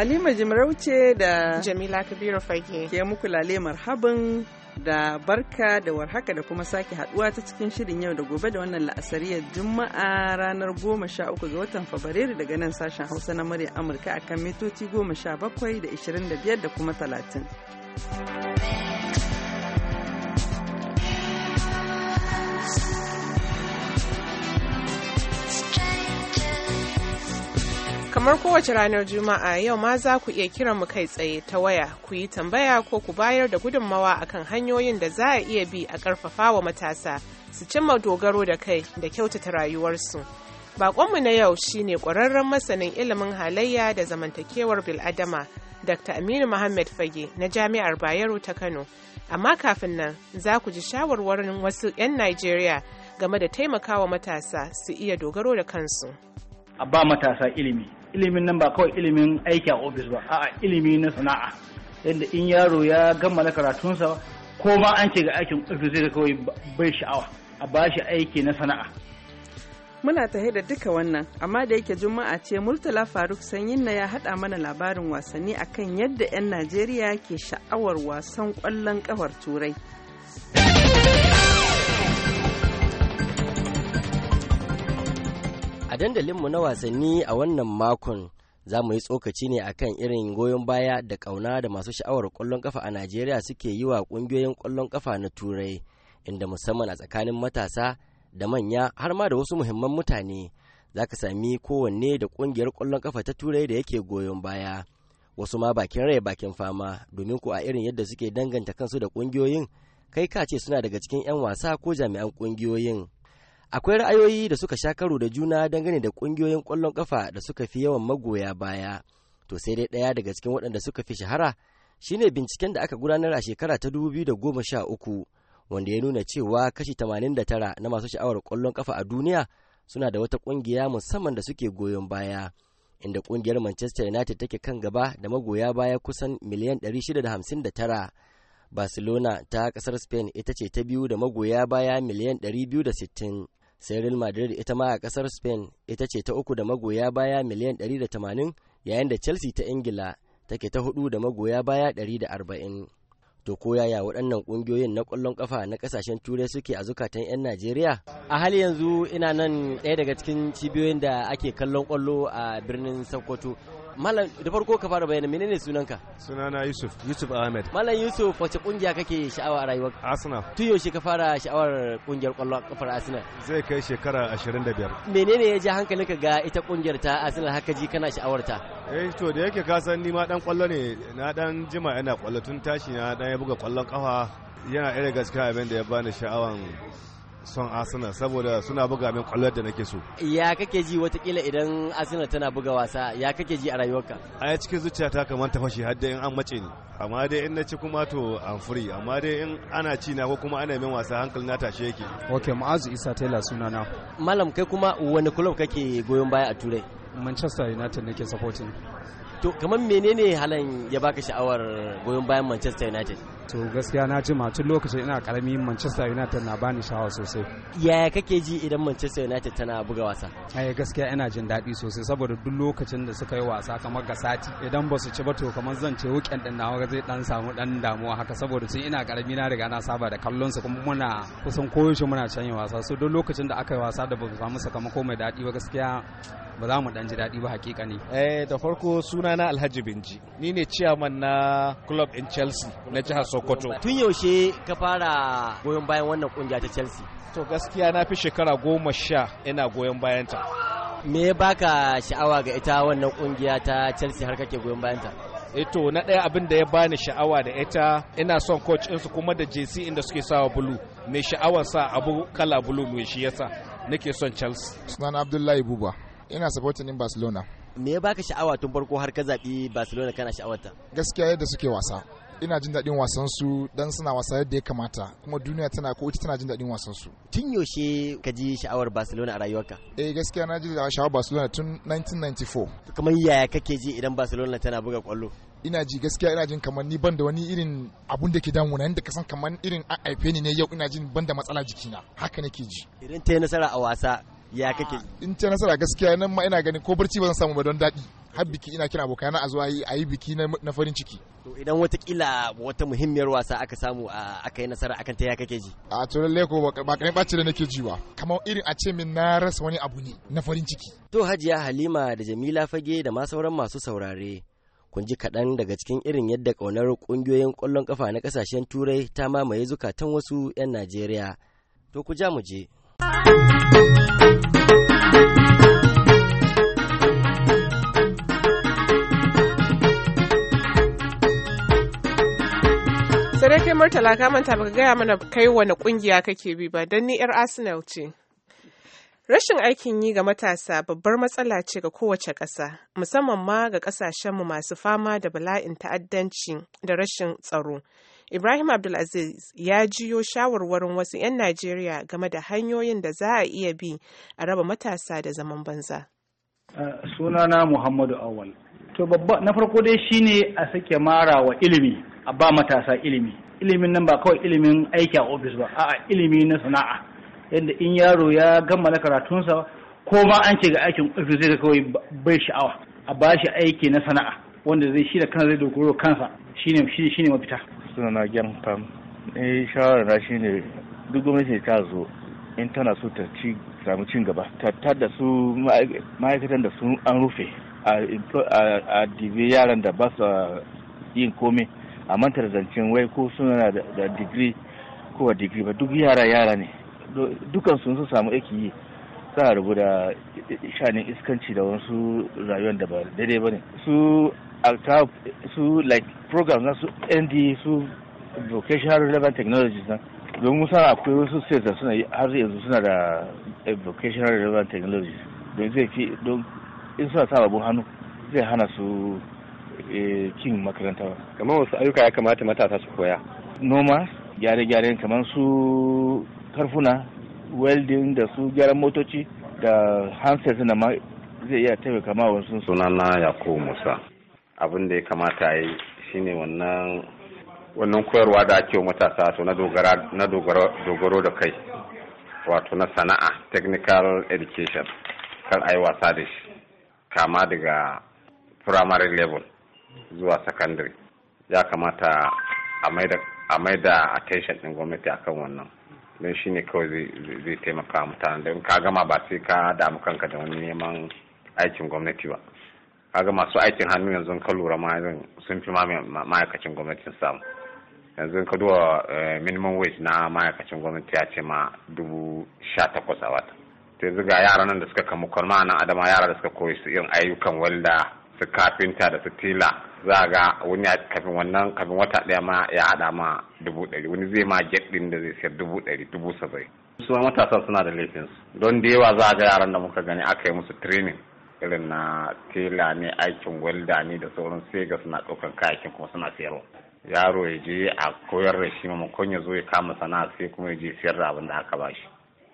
Halima Jimarauce da Jamila Kabiru Fage ke muku lale marhaban da barka da warhaka da kuma sake haduwa ta cikin shirin yau da gobe da wannan la'asariyar juma'a ranar goma sha uku ga watan fabrairu daga nan sashen hausa na murya amurka akan mitoci goma sha bakwai da ishirin da biyar da kuma talatin. Kamar kowace ranar Juma'a yau ma za ku iya kiran mu kai tsaye ta waya ku yi tambaya ko ku bayar da gudunmawa akan hanyoyin da za a iya bi a ƙarfafa wa matasa su cimma dogaro da kai da kyautata rayuwarsu. Baƙonmu na yau shine ƙwararren masanin ilimin halayya da zamantakewar bil'adama Dr. Aminu Muhammad Fage na Jami'ar Bayero ta Kano. Amma kafin nan za ku ji shawarwarin wasu 'yan Najeriya game da taimakawa matasa su iya dogaro da kansu. a ba matasa ilimi ilimin nan ba kawai ilimin aiki a ofis ba a'a ilimi na sana'a yadda in yaro ya gama na karatunsa ko ma an ce ga aikin ofis zai kawai bai sha'awa a ba shi aiki na sana'a muna tahe da duka wannan amma da yake juma'a ce murtala faruk sanyin na ya haɗa mana labarin wasanni akan yadda 'yan najeriya ke sha'awar wasan kwallon ƙafar turai A dandalinmu na wasanni a wannan makon za mu yi tsokaci ne akan irin goyon baya da ƙauna da masu sha'awar ƙwallon kafa a Najeriya suke yi wa ƙungiyoyin ƙwallon kafa na Turai, inda musamman a tsakanin matasa da manya har ma da wasu muhimman mutane za ka sami kowanne da ƙungiyar ƙwallon kafa ta Turai da yake goyon baya. Wasu ma bakin rai bakin fama domin ku a irin yadda suke danganta kansu da ƙungiyoyin kai ka ce suna daga cikin 'yan wasa ko jami'an ƙungiyoyin. akwai ra'ayoyi da suka sha karo da juna dangane da ƙungiyoyin ƙwallon ƙafa da suka fi yawan magoya baya to sai dai ɗaya daga cikin waɗanda suka fi shahara shine binciken da aka gudanar a shekara ta uku, wanda ya nuna cewa kashi 89 na masu sha'awar ƙwallon ƙafa a duniya suna da wata ƙungiya musamman da suke goyon baya inda ƙungiyar Manchester United take kan gaba da magoya baya kusan miliyan 659 Barcelona ta kasar Spain ita ce ta biyu da magoya baya miliyan 260 sai real madrid ita ma a kasar spain ita ce ta uku da magoya baya miliyan 180 yayin da chelsea ta ingila take ta hudu da magoya baya 140 to ko yaya waɗannan ƙungiyoyin na ƙwallon kafa na ƙasashen turai suke a zukatan 'yan najeriya a hali yanzu ina nan ɗaya daga cikin cibiyoyin da ake kallon ƙwallo a birnin sokoto malam da farko ka fara bayanin menene sunanka sunana yusuf yusuf ahmed malam yusuf wace kungiya kake sha'awa a rayuwar arsenal tun yaushe ka fara sha'awar kungiyar kwallon kafar arsenal zai kai shekara 25 menene ya ja ka ga ita kungiyar ta arsenal haka ji kana sha'awar ta eh to da yake ka san ni ma dan kwallo ne na dan jima yana kwallo tun tashi na dan ya buga kwallon kafa yana irin gaskiya abin da ya bani sha'awan son Arsenal saboda suna buga min kwallon da nake so. Ya kake ji watakila idan Arsenal tana buga wasa ya kake ji a rayuwarka? A cikin zuciyata kamar ta fashe har in an mace ni. Amma dai in na ci kuma to an furi amma dai in ana ci na ko kuma ana min wasa hankali na tashe yake. Ok Ma'azu Isa Tela sunana. Malam kai kuma wani club kake goyon baya a Turai? Manchester United nake supporting. to kamar menene halan ya baka sha'awar goyon bayan manchester united to gaskiya na ji tun lokacin ina karami manchester united na bani sha'awa sosai yaya kake ji idan manchester united tana buga wasa ai eh, gaskiya ina jin daɗi sosai saboda duk lokacin da suka yi wasa kamar ga sati idan ba su ci ba to kamar zan ce weekend din nawa zai dan samu dan damuwa haka saboda tun ina karami na riga na saba da kallon su kuma muna kusan koyaushe muna canye wasa so duk lokacin da aka yi wasa da ba su samu sakamako mai daɗi ba gaskiya ba za mu dan ji daɗi ba hakika ne. Eh da farko suna na Alhaji Binji ni ne ciyaman na club in Chelsea na jihar Sokoto. Tun yaushe ka fara goyon bayan wannan kungiya ta Chelsea? To gaskiya na fi shekara goma sha ina goyon bayan ta. Me ya baka sha'awa ga ita wannan kungiya ta Chelsea har kake goyon bayan ta? Eto eh na ɗaya abin da ya bani sha'awa da ita ina son coach insu kuma da JC inda suke sawa bulu mai sha'awar sa abu kala bulu mai shi yasa nake son Chelsea. Sunan Abdullahi Buba. ina supporting in Barcelona me ya baka sha'awa tun farko har ka zaɓi Barcelona kana sha'awarta gaskiya yadda suke wasa ina jin daɗin wasan su dan suna wasa yadda ya kamata kuma duniya tana ko ita tana jin daɗin wasan su tun yaushe ka ji sha'awar Barcelona a rayuwarka eh gaskiya na ji sha'awar Barcelona tun 1994 kamar yaya kake ji idan Barcelona tana buga kwallo ina ji gaskiya ina jin kamar ni ban da wani irin abun da ke na, yadda ka san kamar irin an haife ni ne yau ina jin ban da matsala jikina haka nake ji idan ta yi nasara a wasa ya kake ah, in ta nasara gaskiya nan ma ina gani ko barci ba zan samu ba don daɗi har biki ina kira na a zuwa a yi biki na farin ciki to idan watakila wata muhimmiyar wasa aka samu aka yi nasara akan ta ya kake ji a to lalle ko ba kare ɓaci da nake ji ba kamar irin a ce min na rasa wani abu ne na farin ciki to hajiya halima da jamila fage da ma sauran masu saurare kun ji kaɗan daga cikin irin yadda ƙaunar ƙungiyoyin ƙwallon ƙafa na ƙasashen turai ta mamaye zukatan wasu 'yan najeriya to ku ja mu je kai Murtala ka manta baka gaya mana kai wani kungiya kake bi ba don ni 'yar Arsenal ce. Rashin aikin yi ga matasa babbar matsala ce ga kowace ƙasa, musamman ma ga ƙasashenmu masu fama da bala'in ta'addanci da rashin tsaro. Ibrahim Abdulaziz ya jiyo shawarwarin wasu 'yan Najeriya game da hanyoyin da za a iya bi a raba matasa da zaman banza. sunana Muhammadu Awal. To babba na farko dai shine a sake mara wa ilimi, a ba matasa ilimi. Ilimin nan ba kawai ilimin aiki a ofis ba, a'a ilimi na sana'a. Yadda in yaro ya gama na karatunsa ko ma an ce ga aikin ofis zai kawai bai sha'awa, a ba shi aiki na sana'a. wanda zai shi da kana zai dogoro kansa shine shi shine mafita suna na gyan fam ne shawara na shine duk gwamnati ta zo in tana so ta ci samu cin gaba tattar da su ma'aikatan da sun an rufe a dibe yaran da ba su yin komai a mantar zancen wai ko suna da digiri ko a digiri ba duk yara yara ne dukan sun su samu aiki yi a rubu da shanin iskanci da wasu rayuwar da ba daidai ba ne su alka su like program na su nd su vocational relevant technologies na don musa akwai wasu states da suna har yanzu suna da eh, vocational relevant technologies don zai fi don in suna sa babu hannu zai hana su kin eh, makaranta ba kamar wasu ayyuka ya kamata matasa su koya noma gyare-gyaren kamar su karfuna welding da su gyaran motoci da handset na ma zai iya taimaka ma wasu sunana ko musa abin da ya kamata yi shine wannan wannan koyarwa da ake matasa to na dogaro da kai wato na sana'a technical education kan a yi wasa da shi kama daga primary level zuwa secondary ya kamata a mai da attention ɗin gwamnati akan wannan don shi ne kawai zai taimaka mutane don ka gama ba sai ka damu kanka da wani neman aikin gwamnati ba kaga masu aikin hannu yanzu ka lura ma sun fi ma'aikacin gwamnatin samu yanzu ka duba eh, minimum wage na ma'aikacin gwamnati ya ce ma dubu sha takwas a wata to yanzu ga yaran nan da suka kamu kwalma na adama yara da suka koyi su yin ayyukan walda su kafinta da su tila za a ga wani kafin wannan kafin wata ɗaya ma ya haɗa ma dubu ɗari wani zai ma jet ɗin da zai sayar dubu ɗari dubu saba'in su ma matasan suna da laifinsu don da yawa za a ga yaran da muka gani aka yi musu training irin na tela ne aikin welda ne da sauran sai ga suna ɗaukar kayakin kuma suna sayarwa yaro ya je a koyar da shi maimakon ya zo ya kama sana'a sai kuma ya je siyar da abin da aka shi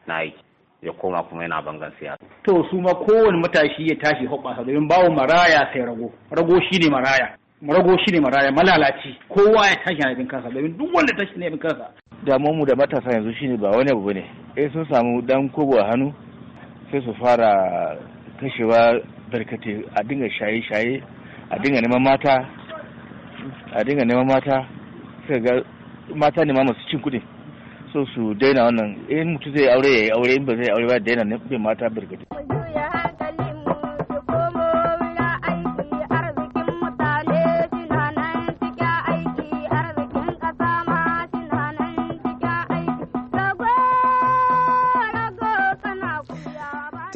na aiki ya koma kuma yana bangan siyasa. To su ma kowane matashi ya tashi hoɓasa domin bawo maraya sai rago, rago shi ne maraya. Rago shi ne maraya malalaci kowa ya tashi na bin kansa domin duk wanda tashi na bin kansa. Damuwar mu da matasa yanzu shine ba wani abu bane. Eh sun samu dan kobo a hannu sai su fara kashewa barkate a dinga shaye-shaye a dinga neman mata a dinga neman mata suka ga mata ne ma masu cin kudi so su daina wannan in mutu zai aure ya yi aure in ba zai aure ba daina bin mata barkate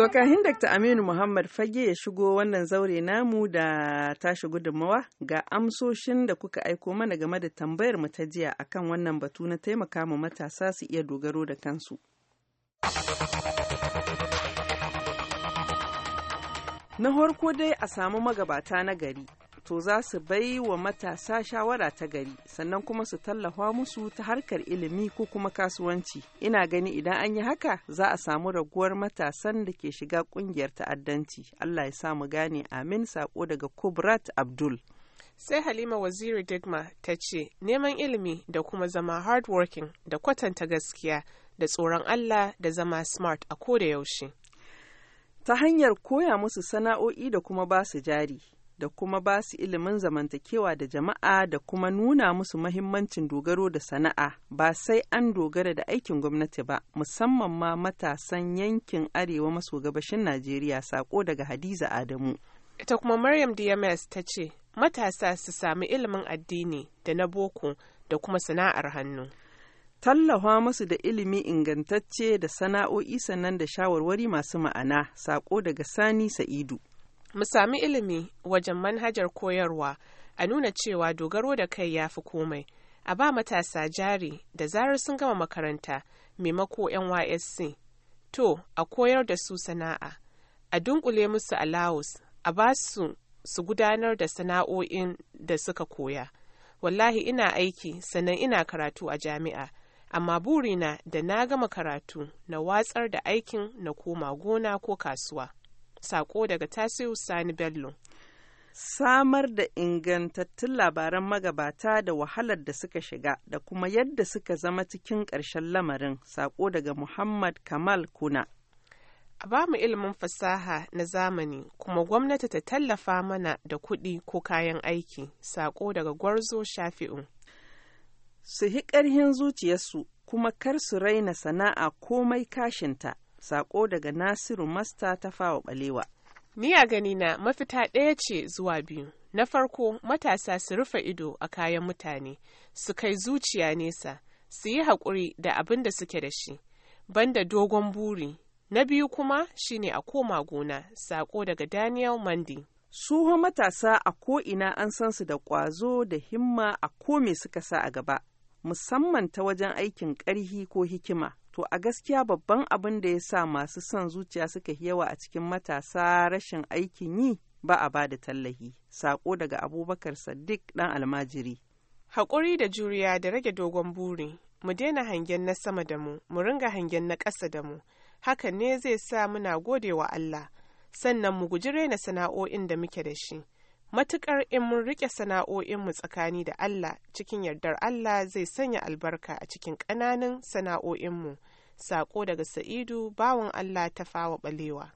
To kahin Dr. Aminu Muhammad Fage ya shigo wannan zaure namu da tashi gudunmawa ga amsoshin da kuka aiko mana game da tambayar mu ta jiya akan wannan batu na taimaka mu matasa su iya dogaro da kansu. Na farko dai a samu magabata na gari to za su bai wa matasa shawara ta gari sannan kuma su tallafa musu ta harkar ilimi ko kuma kasuwanci ina gani idan an yi haka za a samu raguwar matasan da ke shiga kungiyar ta'addanci allah ya samu gane amin sako daga kubrat abdul sai halima waziri digma ta ce neman ilimi da kuma zama hardworking da kwatanta gaskiya da tsoron allah da zama smart a koda yaushe ta hanyar koya musu sana'o'i da kuma ba su jari da kuma ba su ilimin zamantakewa da jama'a da kuma nuna musu mahimmancin dogaro da sana'a ba sai an dogara da aikin gwamnati ba musamman ma matasan yankin arewa maso gabashin najeriya sako daga hadiza adamu ita kuma maryam dms ta ce matasa su sami ilimin addini da na boko da kuma sana'ar hannu tallafa musu da ilimi ingantacce da sana'o'i sannan da shawarwari masu ma'ana sako daga sani sa'idu mu sami ilimi wajen manhajar koyarwa a nuna cewa dogaro da kai ya fi komai a ba matasa jari da zarar sun gama makaranta maimako nysc to a koyar da su sana'a a dunkule musu a laos a ba su su gudanar da sana'o'in da suka koya wallahi ina aiki sannan ina karatu a jami'a amma burina da na gama karatu na watsar da aikin na koma gona ko kasuwa Sako daga tasiru Sani Bello. Samar da ingantattun labaran magabata da wahalar da suka shiga da kuma yadda suka zama cikin ƙarshen lamarin, sako daga Muhammad Kamal Kuna. a ba mu ilimin fasaha na zamani kuma gwamnati ta tallafa mana da kuɗi ko kayan aiki sako daga gwarzo shafi'u su hi ƙarhin zuciyarsu kuma kar su raina sana'a komai kashinta Sako daga Nasiru Masta ta fawa balewa. Ni a ganina mafita ɗaya ce zuwa biyu. Na farko matasa su rufe ido a kayan mutane, su kai zuciya nesa, su yi haƙuri da abin da suke da shi, banda dogon buri. Na biyu kuma shine a koma gona, sako daga Daniel Mandi. Suho matasa a ko'ina an san su da ƙwazo da himma a kome suka sa a gaba, musamman ta wajen aikin ƙarhi ko hikima. To a gaskiya babban abin da ya sa masu son zuciya suka yawa a cikin matasa rashin aikin yi ba a ba da tallahi. Sako daga Abubakar Saddiq ɗan almajiri. Haƙuri da juriya da rage dogon buri, mu daina hangen na sama da mu, mu ringa hangen na ƙasa da mu. Hakan ne zai sa muna gode wa Allah, sannan mu guji raina sana'o'in da muke da shi. Matuƙar in mun riƙe sana'o'inmu tsakani da Allah, cikin yardar Allah zai sanya albarka a cikin ƙananan sana'o'inmu. Sako daga Sa'idu bawan Allah ta fawa balewa.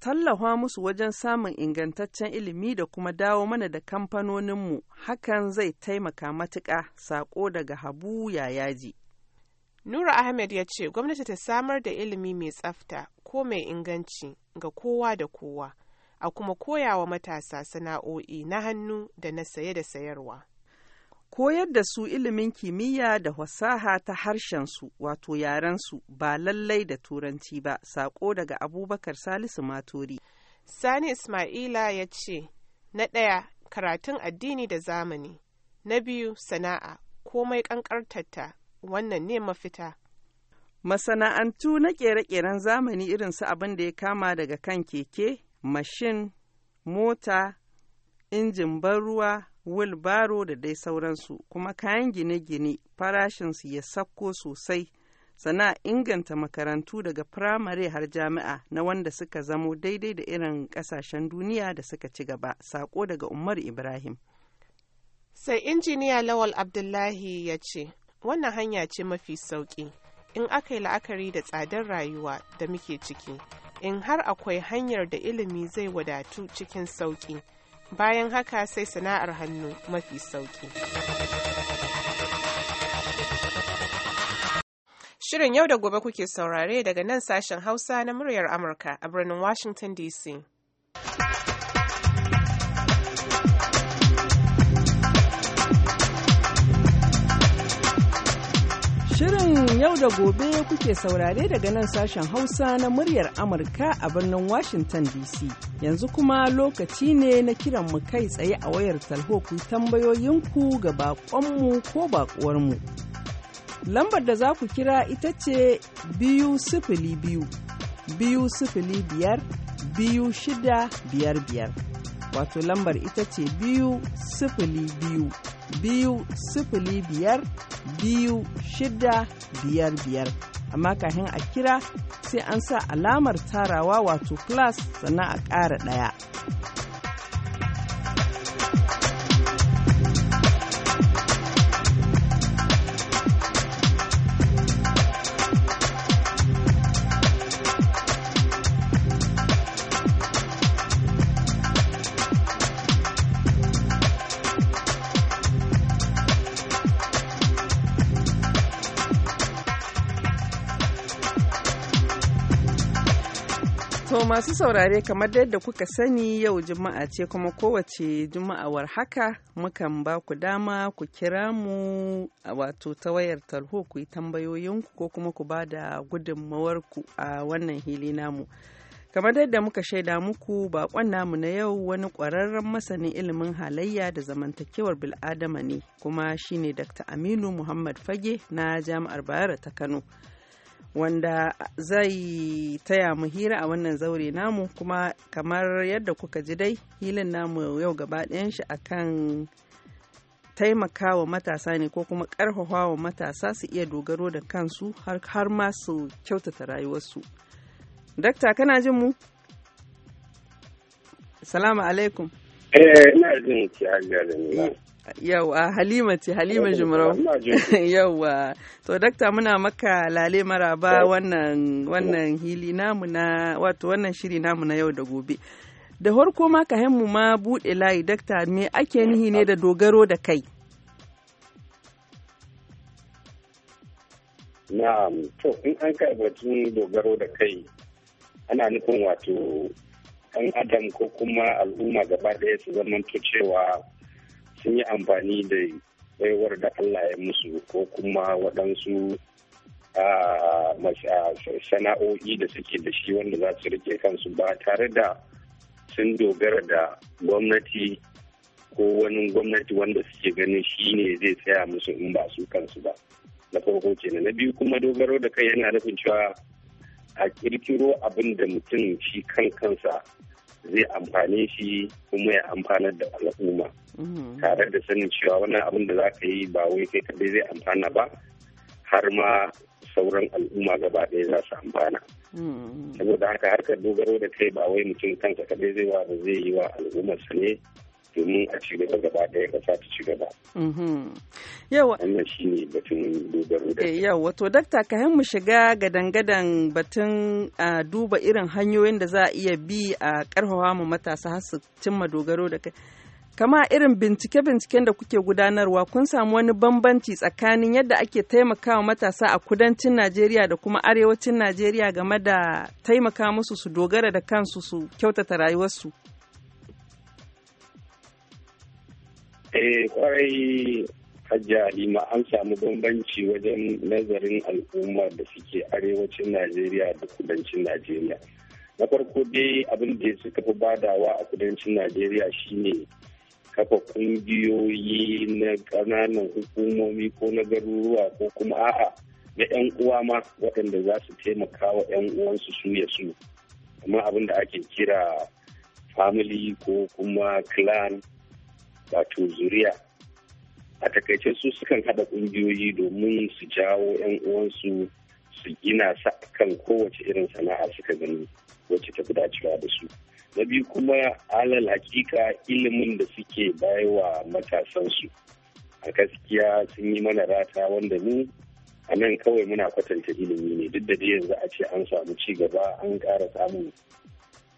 Tallafa musu wajen samun ingantaccen ilimi da kuma dawo mana da kamfanoninmu hakan zai taimaka matuƙa sako daga habu ya yaji. Nura Ahmed ya ce gwamnati ta samar da ilimi mai tsafta ko mai inganci ga kowa da kowa, a kuma koyawa matasa sana'o'i na hannu da na saye da sayarwa. koyar da su ilimin kimiyya da fasaha ta harshen su wato yarensu ba lallai da turanci ba sako daga abubakar salisu matori sani ismaila ya ce na ɗaya karatun addini da zamani na biyu sana'a komai ƙanƙartarta wannan ne mafita masana'antu na ƙere-ƙeren zamani irin su abin da ya kama daga kan keke mashin mota injin ban ruwa wilbaro da dai sauransu kuma kayan gine-gine farashinsu ya sakko sosai sana inganta makarantu daga firamare har jami'a na wanda suka zamo daidai da irin kasashen duniya da suka ci gaba sako daga umar ibrahim sai injiniya lawal abdullahi ya ce wannan hanya ce mafi sauƙi in aka yi la'akari da tsadar rayuwa da muke ciki in har akwai hanyar da ilimi zai wadatu cikin sauƙi bayan haka sai sana'ar hannu mafi sauki. Shirin yau da gobe kuke saurare daga nan sashen Hausa na muryar Amurka a birnin Washington DC. yau da gobe kuke saurare daga nan sashen Hausa na muryar Amurka a birnin Washington DC. Yanzu kuma lokaci ne na kiran mu kai tsaye a wayar talho ku tambayoyinku ga baƙonmu ko bakuwarmu. Lambar da za ku kira ita ce biyu sifili biyu, biyu sifili biyar, biyu shida biyar biyar. Wato lambar ita ce biyu sifili biyu. biyu sifili biyar biyu shida biyar biyar amma kafin a kira sai an sa alamar tarawa wato class sannan a ƙara ɗaya. masu saurare kamar yadda kuka sani yau juma'a ce kuma kowace juma'awar haka mukan ba ku dama ku kira mu wato ta wayar tarho ku yi tambayoyinku ko kuma ku ba da gudunmawarku a wannan hili namu. kamar yadda muka shaida muku bakon namu na yau wani kwararren masanin ilimin halayya da zamantakewar bil'adama ne kuma shine dr aminu muhammad fage na jami'ar bayero ta kano wanda zai taya mu hira a wannan zaure namu kuma kamar yadda kuka ji dai hilin namu yau gaba ɗayan shi akan taimakawa matasa ne ko kuma ƙarfafa wa matasa su iya dogaro da kansu har, ma su kyautata rayuwarsu dakta kana jin mu salamu alaikum eh ina jin ki Yauwa Halima ce Halima jimarau Yauwa. To dakta muna maka lale maraba wannan wannan hili namu na wato wannan shiri namu na yau da gobe. Da harko ma ka mu ma bude layi dakta me ake nihi ne da dogaro da kai? Na'am, to in an kai batun dogaro da kai ana nufin wato ɗan adam ko kuma al'umma gaba ɗaya su zamanto cewa sun yi amfani da baiwar da Allah ya musu ko kuma waɗansu sana'o'i da suke da shi wanda za su rike kansu ba tare da sun dogara da gwamnati ko wani gwamnati wanda suke ganin shi ne zai tsaya musu in ba su kansu ba na farko kenan na biyu kuma dogaro da kai yana nufin cewa a kirkiro abin da mutum shi kan kansa zai amfane shi kuma ya amfanar da al'umma mhm. tare da sanin cewa wannan abin da za ka yi ba wai kai kadai zai amfana ba har ma sauran al'umma gaba ɗaya za su amfana mhm. saboda haka harkar dogaro da kai ba wai mutum kanka kadai zai wa zai yi wa al'ummarsa ne domin a ci gaba gaba ɗaya ƙasa ta ci gaba. Mhm. Wannan shi ne batun dogaro da eh, Yawa, to dakta ka mu shiga gadan-gadan batun duba irin hanyoyin da za a iya bi a ƙarfafa mu matasa har su cimma dogaro da kai. Kama irin bincike-binciken da kuke gudanarwa kun samu wani bambanci tsakanin yadda ake taimakawa matasa a kudancin Najeriya da kuma arewacin Najeriya game da taimaka musu su dogara da kansu su kyautata rayuwarsu. Eh kwarai an samu bambanci wajen nazarin al'umma da suke arewacin najeriya da kudancin najeriya na farko dai abin da suka fi badawa a kudancin najeriya shine kafa kungiyoyi na ƙananan hukumomi ko na garuruwa ko kuma a'a na 'yan uwa ma waɗanda za su taimaka wa 'yan uwansu su ya su kuma abin da ake kira family ko kuma clan wato zuriya a takaice su sukan haɗa ƙungiyoyi domin su jawo 'yan uwansu su gina sa kan kowace irin sana'a suka gani wacce ta dacewa da su na biyu kuma alal hakika ilimin da suke baiwa matasansu a gaskiya sun yi mana rata wanda mu a nan kawai muna kwatanta ilimi ne duk da dai yanzu a ce an samu ci gaba an ƙara samun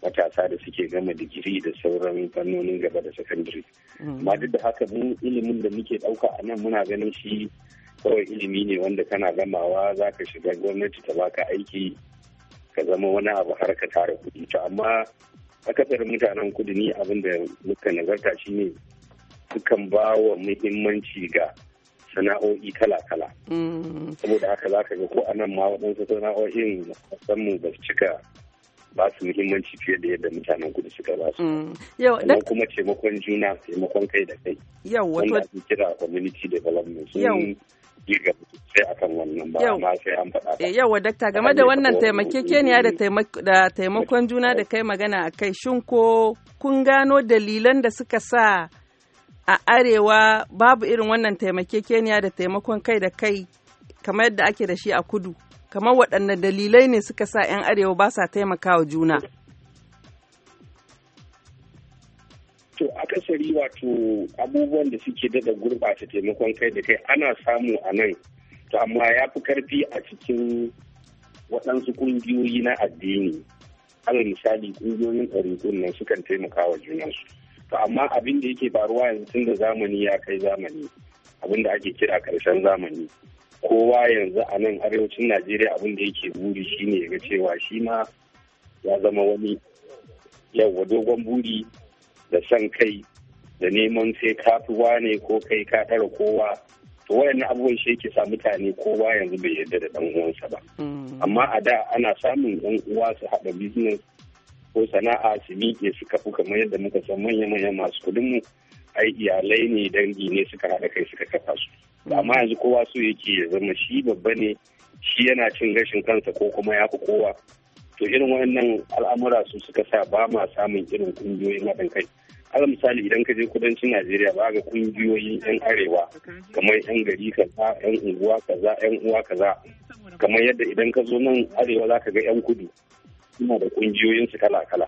matasa da suke gama digiri da sauran fannonin gaba da sakandare mm. amma duk da haka mu ilimin da muke ɗauka a nan muna ganin shi kawai ilimi ne wanda kana gamawa za ka shiga gwamnati ta baka aiki ka zama wani abu har ka tara kuɗi to amma akasarin mutanen kudi ni abin da muka nazarta shine sukan ba wa muhimmanci ga sana'o'i kala-kala. Mm. Saboda haka za ka ga ko a nan ma waɗansu sana'o'in musamman ba su cika ba su muhimmanci fiye da yadda mutanen kudu suka ba su. Sannan mm. kuma taimakon juna taimakon kai da kai. Yau wato. Wanda ake kira community development. Yau. girga sai kan wannan ba amma sai an faɗa. Eh, Yawa dakta game da wannan taimakekeniya da taimakon juna da kai magana a kai shinko ko kun gano dalilan da suka sa a arewa babu irin wannan taimakekeniya da taimakon kai da kai kamar yadda ake da shi a kudu. kamar waɗanne dalilai ne suka sa 'yan arewa ba sa taimakawa juna to akasari wato abubuwan da suke daga gurɓata taimakon kai da kai ana samu a nan to amma ya fi karfi a cikin waɗansu ƙungiyoyi na addini alal misali ƙungiyoyin ɗariƙun nan sukan taimaka wa junansu to amma abin da yake faruwa yanzu tun da zamani ya kai zamani abin da ake kira ƙarshen zamani kowa yanzu a nan arewacin najeriya abin da yake buri shine ya ga cewa shi ma ya zama wani yawa dogon buri da san kai da neman sai ka fi wane ko kai ka tara kowa to wayannan abubuwan shi yake sa mutane kowa yanzu bai yarda da dan uwansa ba mm. amma a da ana samun yan uwa su haɗa business ko sana'a su miƙe su kafu kamar yadda muka san manya-manyan masu kuɗin mu ai iyalai ne dangi ne suka haɗa kai suka kafa su amma yanzu kowa so yake ya zama shi babba ne shi yana cin gashin kansa ko kuma ya fi kowa to irin wannan al'amura su suka sa ba ma samun irin kungiyoyin haɗin kai ala misali idan ka je kudancin najeriya ba ga kungiyoyin yan arewa kamar yan gari kaza yan unguwa kaza yan uwa kaza kamar yadda idan ka zo nan arewa za ka ga yan kudu suna da su kala kala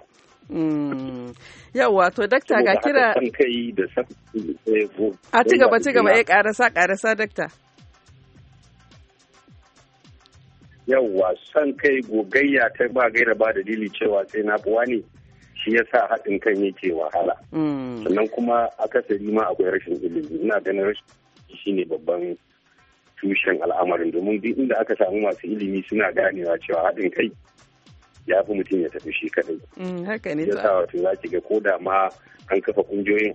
Mm. Yawwa to dakta ga kira eh, a ci gaba ci gaba ya karasa eh, karasa dakta. Yawwa san kai gogayya ta ba gaira ba da cewa sai na buwa ne shi ya sa haɗin kan yake wahala. Mm. Sannan kuma akasari ma akwai rashin ilimi ina ganin rashin shi ne babban tushen al'amarin domin duk inda aka samu masu ilimi suna ganewa cewa haɗin kai ya fi mutum ya tafi shi kadai. Mm, haka ne sa. wato za ki ga ko da ma an kafa kungiyoyin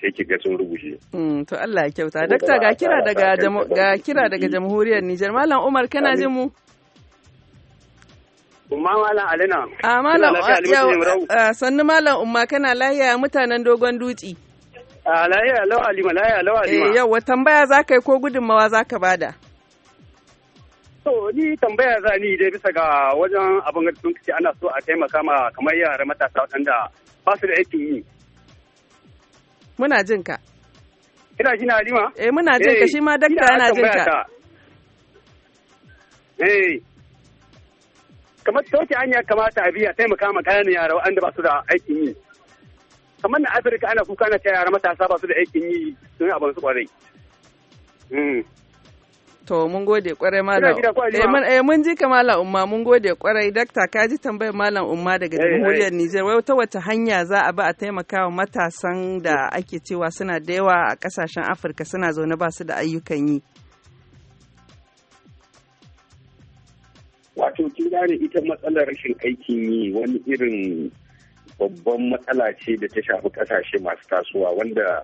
sai ki ga sun rubuce. Mm, to Allah ya kyauta. Dakta ga kira daga ga kira daga jamhuriyar Nijar. Malam Umar kana jin mu? Umma Malam Alina. A ah, Malam ah, sannu Malam Umma kana lahiya mutanen dogon dutse. A ah, lahiya lawa Alima lahiya lawa Alima. Eh yau tambaya za ka yi ko gudunmawa za ka bada? So ni tambaya za ni dai bisa ga wajen abin da sun kace ana so a taimaka ma kamar yara matasa waɗanda ba su da aikin yi. Muna jin ka. Ina jina Halima? Eh muna jin ka eh, shi ma dakta yana jin ka. Eh kamar ta wace hanya kamata a biya taimaka ma kayan yara waɗanda ba su da aikin yi. Kamar na Afirka ana kuka na ta yara matasa ba su da aikin yi sun abin su kwarai. Hmm. To mun gode kwarai malam. Eh, eh mun ji ka malam umma mun gode kwarai dakta ka ji tambayar malam umma daga eh, eh. jamhuriyar Nijar wai ta wace hanya za a ba a taimakawa matasan da ake cewa suna da yawa a kasashen Afirka suna zaune ba su da ayyukan yi. Wato kin gane ita matsalar rashin aikin yi wani irin babban matsala ce da ta shafi kasashe masu tasowa wanda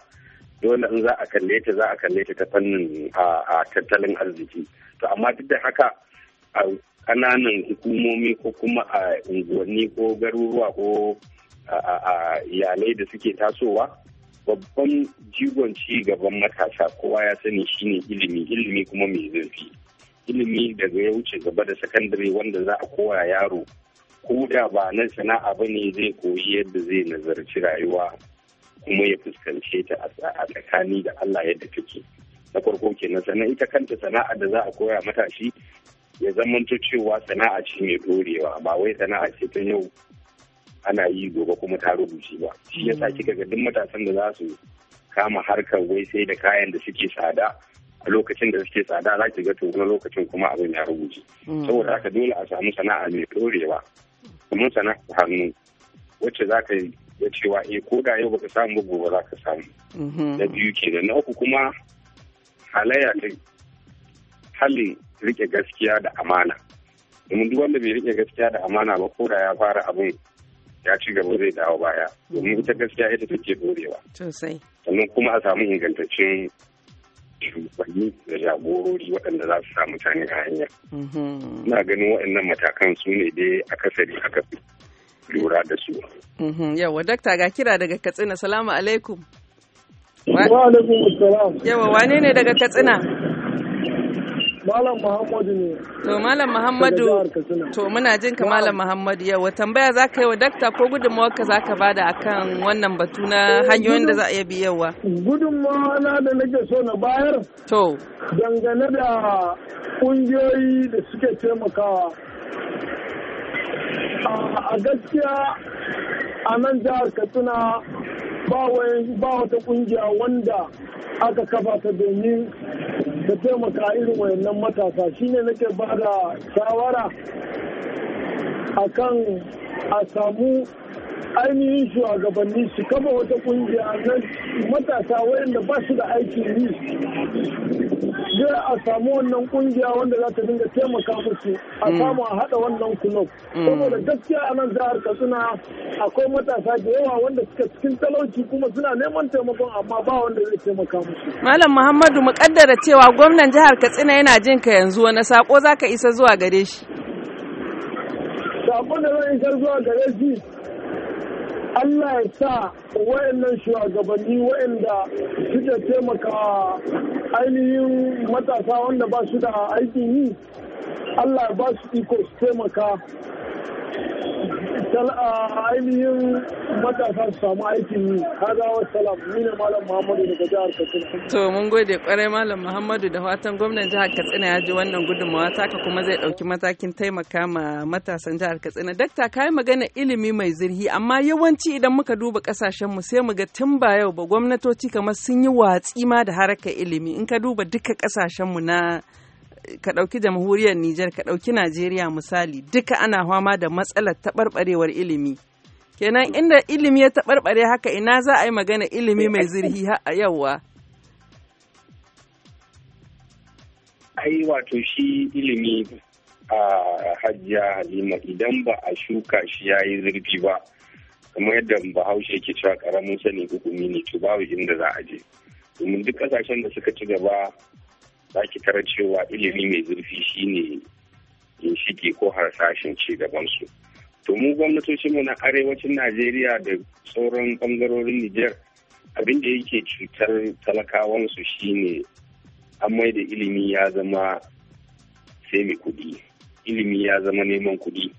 dole in za a kalle ta za a kalle ta ta fannin a tattalin arziki to amma duk da haka a kananan hukumomi ko kuma a unguwanni ko garuruwa ko a iyalai da suke tasowa babban jigon ci gaban matasa kowa ya sani shine ilimi ilimi kuma mai zurfi ilimi daga ya wuce gaba da sakandare wanda za a kowa yaro ko da ba na sana'a bane zai koyi yadda zai nazarci rayuwa kuma ya fuskance ta a tsakani da Allah yadda take na farko kenan sannan ita kanta sana'a da za a koya mata shi ya zamanto cewa sana'a ce mai dorewa ba wai sana'a ce ta yau ana yi gobe kuma ta rubuce ba shi yasa hmm. kika ga duk matasan da za su kama harkar wai sai da kayan da suke tsada a lokacin da suke tsada za ki ga to wani lokacin kuma abin ya rubuce hmm. saboda haka dole a samu sana'a mai dorewa kuma sana'a hannu wacce za ka yi da cewa eh ko da yau baka samu gobe za ka samu da mhm. biyu da na uku kuma halayya ta halin rike gaskiya da amana domin duk wanda bai rike gaskiya da amana ba ko da ya fara abin ya ci gaba zai dawo baya domin ita gaskiya ita take dorewa sannan kuma a samu ingantaccen shugabanni da jagorori waɗanda za su sa mutane a hanya. Mhm. Ina ganin waɗannan matakan su ne dai akasari akasari lura da su. Mhm, yawa, dakta ga kira daga Katsina, salamu alaikum. Wa alaikum salam. Yawa, wane ne daga Katsina? Malam Muhammadu ne. To, Malam Muhammadu, to muna jin ka Malam Muhammadu yawa, tambaya za ka yi wa dakta ko gudunmawar ka za ka bada akan wannan batu na hanyoyin da za a iya bi yawa. Gudunmawa na da nake so na bayar? To. Dangane da ƙungiyoyi da suke taimakawa A gaskiya a nan jihar Katsina ba wata kungiya wanda aka kafa ta domin ta taimaka irin wayannan matasa shine nake ba da shawara a kan a samu ainihin shugabanni su kama wata kungiya na matasa wayanda ba su da aikin yi zai a samu wannan kungiya wanda za ta dinga taimaka musu a mm. samu a haɗa wannan kulob mm. saboda gaskiya a nan jihar katsina akwai matasa da yawa wanda suka cikin talauci kuma suna neman taimakon amma ba wanda zai taimaka musu malam muhammadu mu kaddara cewa gwamnan jihar katsina yana jin ka yanzu wani sako zaka isa zuwa gare shi sako da zan isa zuwa gare shi Allah ya sa wayannan shugabanni wayanda suke taimaka ainihin matasa wanda ba su da aikin yi Allah ya ba su iko su taimaka ainihin matasa su samu aikin yi kaga wassalam ni ne malam muhammadu daga jihar katsina to mun gode kwarai malam muhammadu da fatan gwamnan jihar katsina ya ji wannan gudunmawa taka kuma zai ɗauki matakin taimaka ma matasan jihar katsina dakta yi magana ilimi mai zirhi amma yawanci idan muka duba kasashen mu sai mu ga tun ba yau ba gwamnatoci kamar sun yi watsi ma da harkar ilimi in ka duba duka kasashen mu na ka ɗauki jamhuriyar Nijar ka ɗauki Najeriya misali duka ana fama da matsalar taɓarɓarewar ilimi. Kenan inda ilimi ya taɓarɓare haka ina za a yi magana ilimi mai zurfi a yauwa. Ai wato shi ilimi a hajjiya halima idan ba a shuka shi ya yi zurfi ba kamar yadda bahaushe ke cewa ƙaramin sani hukumi ne to babu inda za a je. Domin duk ƙasashen da suka ci gaba za ki tara cewa ilimi mai zurfi shine ginshiki ko harsashin ci gabansu. To mu gwamnatocinmu na arewacin Najeriya da sauran bangarorin Nijar abin da yake cutar talakawansu shine an mai da ilimi ya zama sai mai kudi. ilimi ya zama neman kuɗi.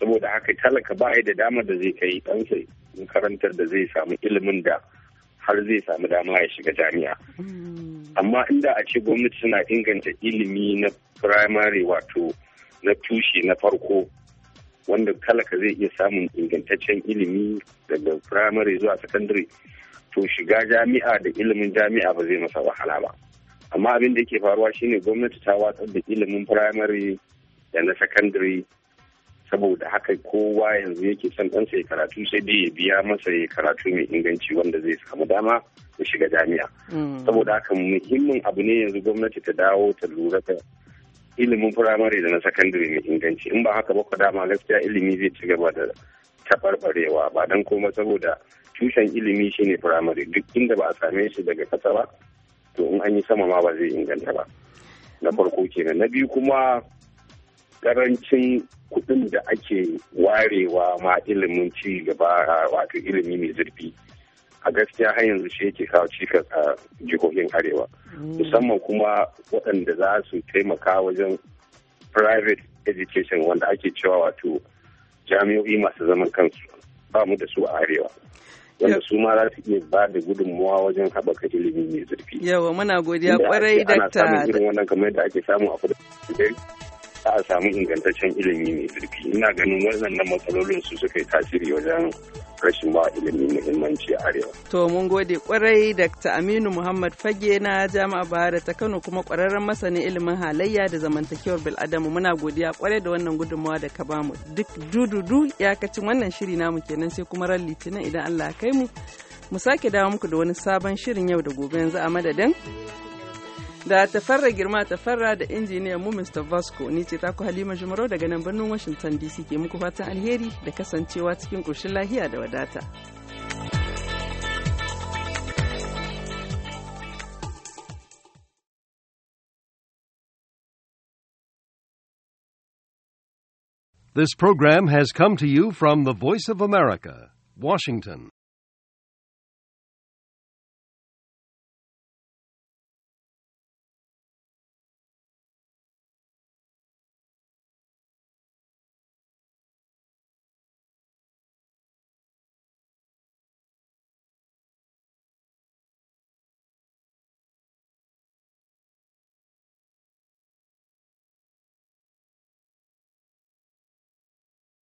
Saboda haka talaka ba da dama da zai kai ɗansa karantar da zai samu ilimin da har zai samu dama ya shiga jami'a. Hmm. amma inda a ce gwamnati suna inganta ilimi na firamare wato na tushe na farko wanda kala ka zai iya samun ingantaccen ilimi daga firamare zuwa sakandare to shiga jami'a da ilimin jami'a ba zai masa wahala ba amma abin da yake faruwa shine gwamnati ta watsar da ilimin firamare da na sakandare saboda haka kowa yanzu yake son ɗansa ya karatu sai dai ya biya masa karatu mai inganci wanda zai samu dama da shiga jami'a mm. saboda haka muhimmin abu ne yanzu gwamnati ta dawo ta lura da ilimin firamare da na sakandare mai inganci in ba haka ba ku dama gaskiya ilimi zai ci gaba da tabarbarewa ba dan koma saboda tushen ilimi shine firamare duk inda ba a same shi daga kasa ba to in an yi sama ma ba zai inganta ba na farko kenan na biyu kuma karancin kuɗin da ake warewa ma ilimin ci gaba wato ilimi mai zurfi a gaskiya har yanzu shi yake kawo cikas a jihohin arewa mm. musamman kuma waɗanda za su taimaka wajen private education wanda ake cewa wato jami'o'i masu zaman kansu ba mu da su a arewa wanda su ma za su iya ba da gudunmuwa wajen haɓaka ilimi mai zurfi yawa muna godiya kwarai dakta ana samun irin wannan kamar da ake samu a kudu za a samu ingantaccen ilimi mai zurfi ina ganin waɗannan matsalolin su suka yi tasiri wajen rashin ba ilimi muhimmanci a arewa. To mun gode kwarai Dr. Aminu Muhammad Fage na Jami'a Bahara ta Kano kuma kwararren masanin ilimin halayya da zamantakewar bil'adamu muna godiya kwarai da wannan gudunmawa da ka bamu. Duk dududu kacin wannan shiri mu kenan sai kuma ran litinin idan Allah kai mu. Mu sake dawo muku da wani sabon shirin yau da gobe yanzu a madadin da tafarra girma tafarra da mu Mr. Vasco ni ce taku Halima daga nan birnin Washington DC ke muku fatan alheri da kasancewa cikin ƙoshin lahiya da wadata. This program has come to you from the Voice of America, Washington.